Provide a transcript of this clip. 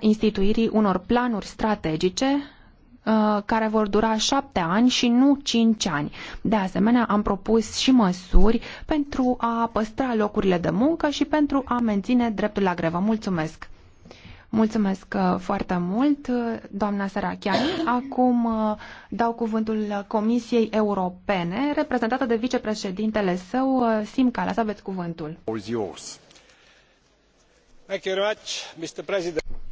instituirii unor planuri strategice uh, care vor dura șapte ani și nu cinci ani. De asemenea, am propus și măsuri pentru a păstra locurile de muncă și pentru a menține dreptul la grevă. Mulțumesc! Mulțumesc uh, foarte mult, uh, doamna Serachiani. Acum dau cuvântul Comisiei Europene, reprezentată de vicepreședintele său, Simca. Calas. Aveți cuvântul. Thank you very much, Mr. President.